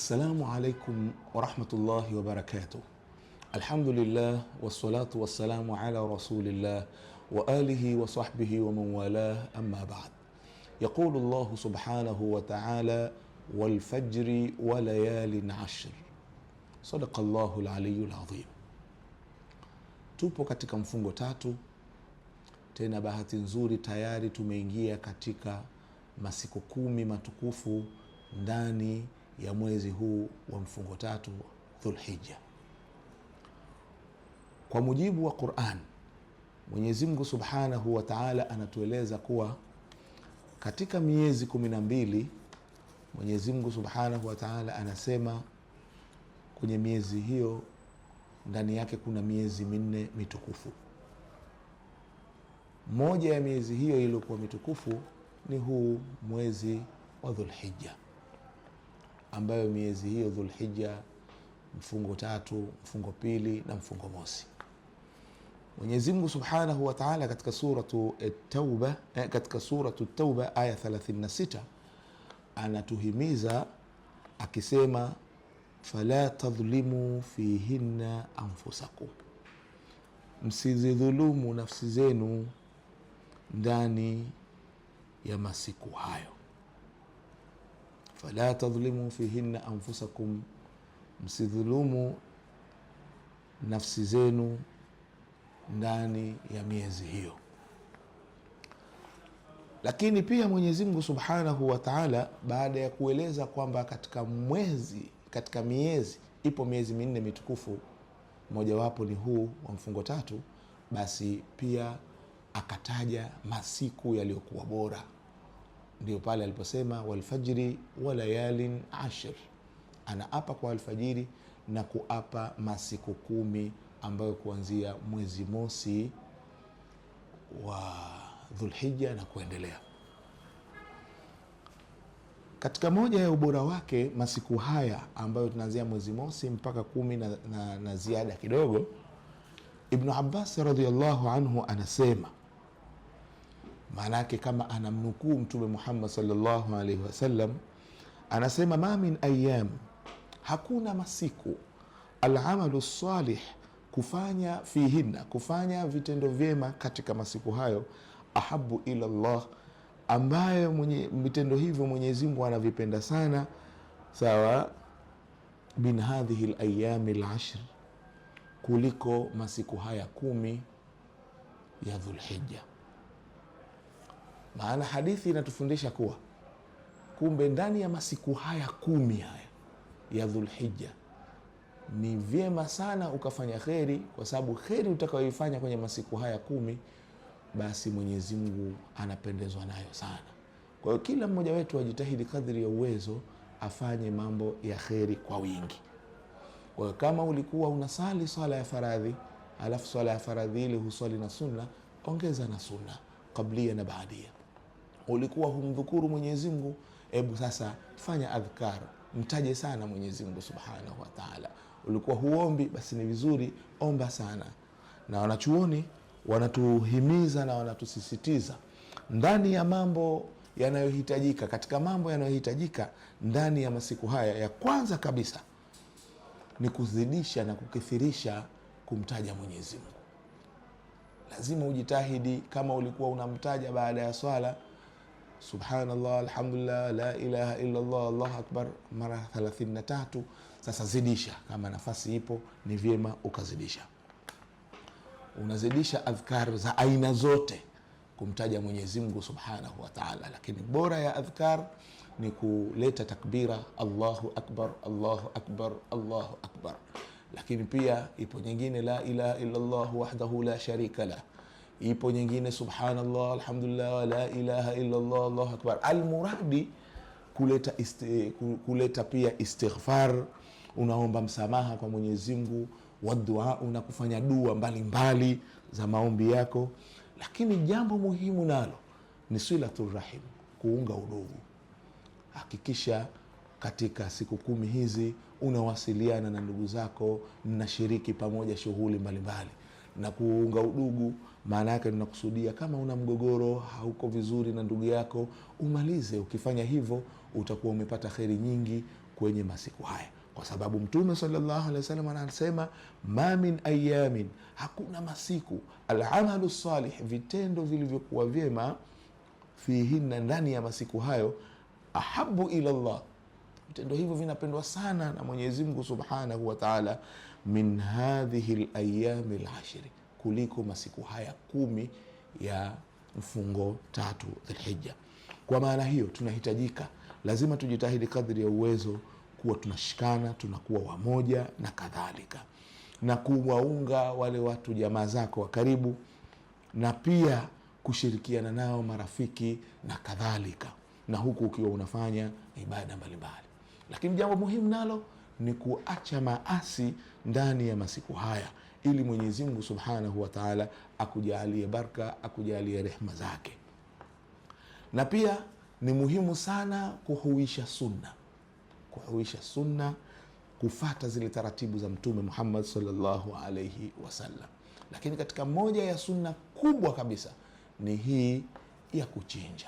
Assalamu alaikum warahmatullahi wabarakatuh. Alhamdulillah wassalatu wassalamu ala rasulillah wa alihi wa sahbihi wa man walah, amma ba'd. Yaqulu Allahu subhanahu wa ta'ala wal fajri wa layalin ashr. Sadaqa Allahu al-aliyyul azim. Tupo katika mfungo tatu tena, bahati nzuri tayari tumeingia katika masiku kumi matukufu ndani ya mwezi huu wa mfungo tatu Dhulhijja. Kwa mujibu wa Quran, Mwenyezi Mungu Subhanahu wa Ta'ala anatueleza kuwa katika miezi kumi na mbili Mwenyezi Mungu Subhanahu wa Ta'ala anasema kwenye miezi hiyo ndani yake kuna miezi minne mitukufu. Moja ya miezi hiyo iliyokuwa mitukufu ni huu mwezi wa Dhulhijja ambayo miezi hiyo Dhulhija, mfungo tatu, mfungo pili na mfungo mosi. Mwenyezi Mungu Subhanahu wa Ta'ala katika suratu Tauba, eh, katika suratu Tauba aya 36 anatuhimiza akisema fala tadhlimu fihinna anfusakum, msizidhulumu nafsi zenu ndani ya masiku hayo fala tadhlimu fihinna anfusakum, msidhulumu nafsi zenu ndani ya miezi hiyo. Lakini pia Mwenyezi Mungu Subhanahu wa Ta'ala, baada ya kueleza kwamba katika mwezi, katika miezi ipo miezi minne mitukufu, mojawapo ni huu wa mfungo tatu, basi pia akataja masiku yaliyokuwa bora ndio pale aliposema walfajri wa layalin ashir, anaapa kwa alfajiri na kuapa masiku kumi ambayo kuanzia mwezi mosi wa Dhulhija na kuendelea. Katika moja ya ubora wake masiku haya ambayo tunaanzia mwezi mosi mpaka kumi na, na, na ziada kidogo, Ibnu Abbas radhiallahu anhu anasema maana yake kama anamnukuu Mtume Muhammad sallallahu alaihi wasallam anasema, ma min ayam, hakuna masiku, alamalu salih, kufanya fihinna, kufanya vitendo vyema katika masiku hayo, ahabu ila llah, ambayo mwenye vitendo hivyo Mwenyezi Mungu anavipenda sana, sawa min hadhihi layami lashr, kuliko masiku haya kumi ya Dhulhija. Maana hadithi inatufundisha kuwa kumbe ndani ya masiku haya kumi haya ya Dhulhija ni vyema sana ukafanya kheri, kwa sababu kheri utakayoifanya kwenye masiku haya kumi, basi Mwenyezi Mungu anapendezwa nayo sana. Kwa hiyo kila mmoja wetu ajitahidi kadhiri ya uwezo afanye mambo ya kheri kwa wingi. Kwa hiyo kama ulikuwa unasali swala ya faradhi, alafu swala ya faradhi ile huswali na sunna, ongeza na sunna kablia na baadia ulikuwa humdhukuru Mwenyezi Mungu, hebu sasa fanya adhkar, mtaje sana Mwenyezi Mungu Subhanahu wa Ta'ala. Ulikuwa huombi, basi ni vizuri omba sana. Na wanachuoni wanatuhimiza na wanatusisitiza ndani ya mambo yanayohitajika, katika mambo yanayohitajika ndani ya masiku haya, ya kwanza kabisa ni kuzidisha na kukithirisha kumtaja Mwenyezi Mungu. Lazima ujitahidi, kama ulikuwa unamtaja baada ya swala subhanallah, alhamdulillah, la ilaha illallah, allahu akbar mara 33. Sasa zidisha, kama nafasi ipo ni vyema ukazidisha. Unazidisha adhkar za aina zote kumtaja Mwenyezi Mungu subhanahu wa taala, lakini bora ya adhkar ni kuleta takbira, allahu akbar, allahu akbar, allahu akbar. Lakini pia ipo nyingine, la ilaha illallah wahdahu la sharika lah ipo nyingine subhanallah, alhamdulillah, la ilaha illallah, allahu akbar. Almuradi kuleta isti, kuleta pia istighfar, unaomba msamaha kwa Mwenyezi Mungu, waduau una kufanya dua mbalimbali mbali za maombi yako, lakini jambo muhimu nalo ni silatu rahim, kuunga udugu. Hakikisha katika siku kumi hizi unawasiliana na ndugu zako, mnashiriki pamoja shughuli mbalimbali na kuunga udugu. Maana yake tunakusudia kama una mgogoro, hauko vizuri na ndugu yako, umalize. Ukifanya hivyo, utakuwa umepata kheri nyingi kwenye masiku haya, kwa sababu Mtume sallallahu alaihi wasallam anasema ma min ayamin, hakuna masiku, alamalu salih, vitendo vilivyokuwa vyema, fihinna, ndani ya masiku hayo, ahabu ila llah, vitendo hivyo vinapendwa sana na Mwenyezi Mungu subhanahu wa taala min hadhihi layami lashiri, kuliko masiku haya kumi ya mfungo tatu Dhilhija. Kwa maana hiyo, tunahitajika lazima tujitahidi kadri ya uwezo kuwa tunashikana, tunakuwa wamoja na kadhalika, na kuwaunga wale watu jamaa zako wa karibu, na pia kushirikiana nao marafiki na kadhalika, na huku ukiwa unafanya ibada mbalimbali. Lakini jambo muhimu nalo ni kuacha maasi ndani ya masiku haya, ili Mwenyezi Mungu Subhanahu wa Ta'ala akujalie baraka, akujalie rehma zake. Na pia ni muhimu sana kuhuisha sunna, kuhuisha sunna, kufata zile taratibu za Mtume Muhammad sallallahu alaihi wasallam. Lakini katika moja ya sunna kubwa kabisa ni hii ya kuchinja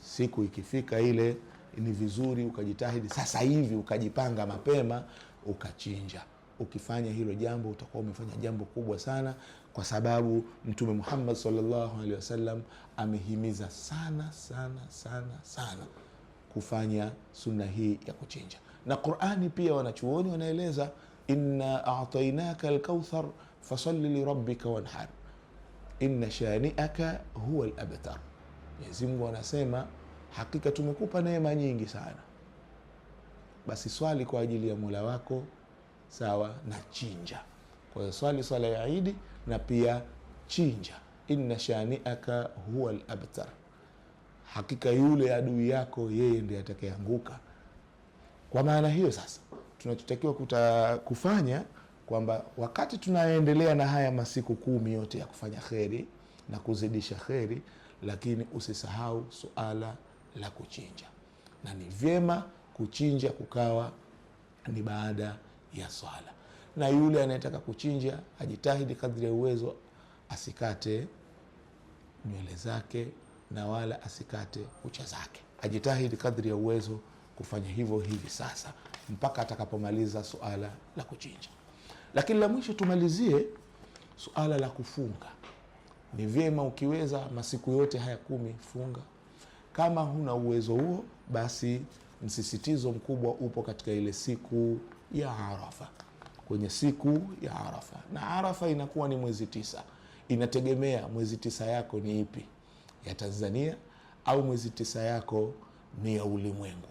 siku ikifika ile ni vizuri ukajitahidi sasa hivi ukajipanga mapema ukachinja. Ukifanya hilo jambo utakuwa umefanya jambo kubwa sana, kwa sababu Mtume Muhammad sallallahu alaihi wasallam amehimiza sana sana sana sana kufanya sunna hii ya kuchinja. Na Qurani pia wanachuoni wanaeleza, inna atainaka alkauthar fasalli lirabbika wanhar inna shaniaka huwa labtar Mwenyezi Mungu anasema hakika tumekupa neema nyingi sana, basi swali kwa ajili ya mula wako sawa na chinja. Kwa hiyo swali swala ya Idi na pia chinja, inna shaniaka huwa labtar, hakika yule adui yako yeye ndi atakeanguka Kwa maana hiyo sasa tunachotakiwa kufanya kwamba wakati tunaendelea na haya masiku kumi yote ya kufanya kheri na kuzidisha kheri, lakini usisahau suala la kuchinja, na ni vyema kuchinja kukawa ni baada ya swala, na yule anayetaka kuchinja ajitahidi kadri ya uwezo, asikate nywele zake na wala asikate kucha zake, ajitahidi kadri ya uwezo kufanya hivyo hivi sasa mpaka atakapomaliza suala la kuchinja. Lakini la mwisho tumalizie suala la kufunga. Ni vyema ukiweza, masiku yote haya kumi funga kama huna uwezo huo, basi msisitizo mkubwa upo katika ile siku ya Arafa, kwenye siku ya Arafa. Na Arafa inakuwa ni mwezi tisa, inategemea mwezi tisa yako ni ipi, ya Tanzania au mwezi tisa yako ni ya ulimwengu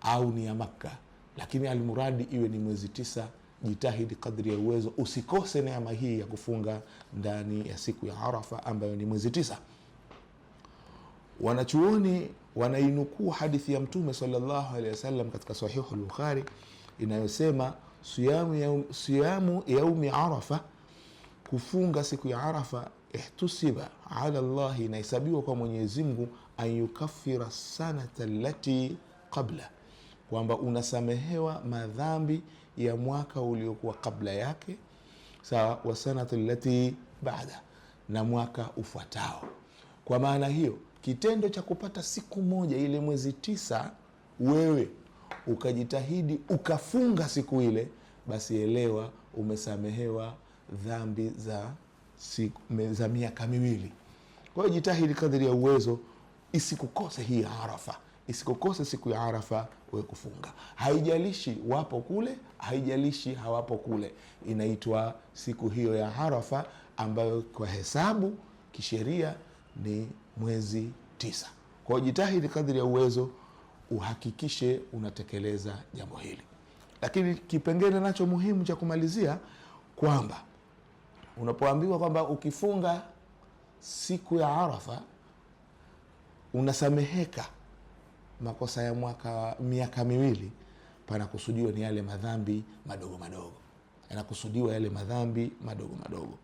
au ni ya Makka, lakini almuradi iwe ni mwezi tisa. Jitahidi kadri ya uwezo, usikose neema hii ya kufunga ndani ya siku ya Arafa ambayo ni mwezi tisa. Wanachuoni wanainukuu hadithi ya Mtume sallallahu alaihi wasallam katika Sahihu Lbukhari inayosema siyamu yaumi, Arafa, kufunga siku ya Arafa ihtusiba ala llahi, inahesabiwa kwa Mwenyezi Mungu an yukafira sanata lati qabla, kwamba unasamehewa madhambi ya mwaka uliokuwa kabla yake, sawa wasanata lati baada, na mwaka ufuatao. Kwa maana hiyo kitendo cha kupata siku moja ile mwezi tisa, wewe ukajitahidi ukafunga siku ile, basi elewa umesamehewa dhambi za siku, za miaka miwili. Kwa hiyo jitahidi kadri ya uwezo, isikukose hii Arafa, isikukose siku ya Arafa wewe kufunga. Haijalishi wapo kule, haijalishi hawapo kule, inaitwa siku hiyo ya Arafa ambayo kwa hesabu kisheria ni mwezi tisa. Kwa hiyo jitahidi kadri ya uwezo uhakikishe unatekeleza jambo hili, lakini kipengele nacho muhimu cha kumalizia kwamba unapoambiwa kwamba ukifunga siku ya Arafa unasameheka makosa ya mwaka miaka miwili, panakusudiwa ni yale madhambi madogo madogo, yanakusudiwa yale madhambi madogo madogo.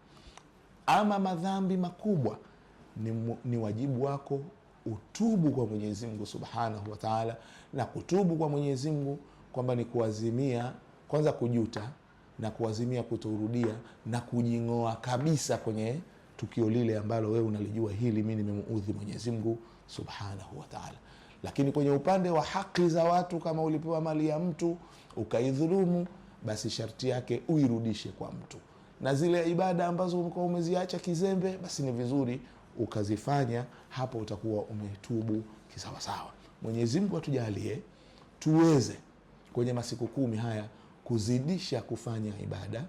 Ama madhambi makubwa ni, ni wajibu wako utubu kwa Mwenyezi Mungu Subhanahu wataala na kutubu kwa Mwenyezi Mungu kwamba ni kuazimia kwanza kujuta na kuazimia kutorudia na kujing'oa kabisa kwenye tukio lile ambalo wewe unalijua hili, mi nimemuudhi mwenyezimgu Subhanahu wataala Lakini kwenye upande wa haki za watu, kama ulipewa mali ya mtu ukaidhulumu, basi sharti yake uirudishe kwa mtu, na zile ibada ambazo umekuwa umeziacha kizembe, basi ni vizuri ukazifanya, hapo utakuwa umetubu kisawasawa. Mwenyezi Mungu atujalie tuweze kwenye masiku kumi haya kuzidisha kufanya ibada,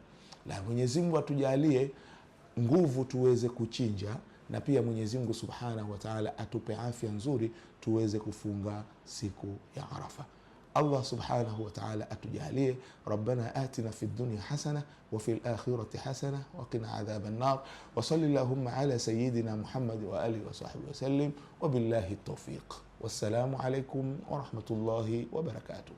na Mwenyezi Mungu atujalie nguvu tuweze kuchinja, na pia Mwenyezi Mungu Subhanahu wa Ta'ala atupe afya nzuri tuweze kufunga siku ya Arafa. الله سبحانه وتعالى أتجاهليه ربنا آتنا في الدنيا حسنة وفي الآخرة حسنة وقنا عذاب النار وصل اللهم على سيدنا محمد وآله وصحبه وسلم وبالله التوفيق والسلام عليكم ورحمة الله وبركاته